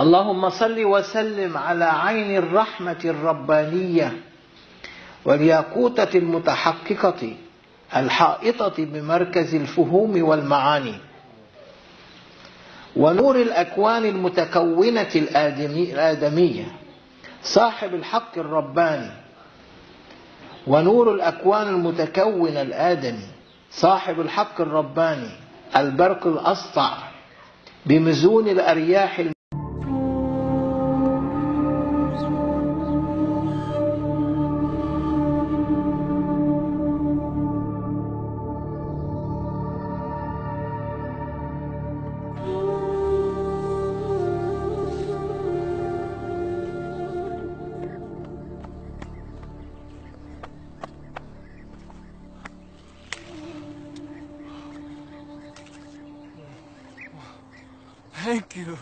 اللهم صل وسلم على عين الرحمة الربانية والياقوتة المتحققة الحائطة بمركز الفهوم والمعاني ونور الأكوان المتكونة الآدمية صاحب الحق الرباني ونور الأكوان المتكونة الآدمي صاحب الحق الرباني البرق الأسطع بمزون الأرياح Thank you.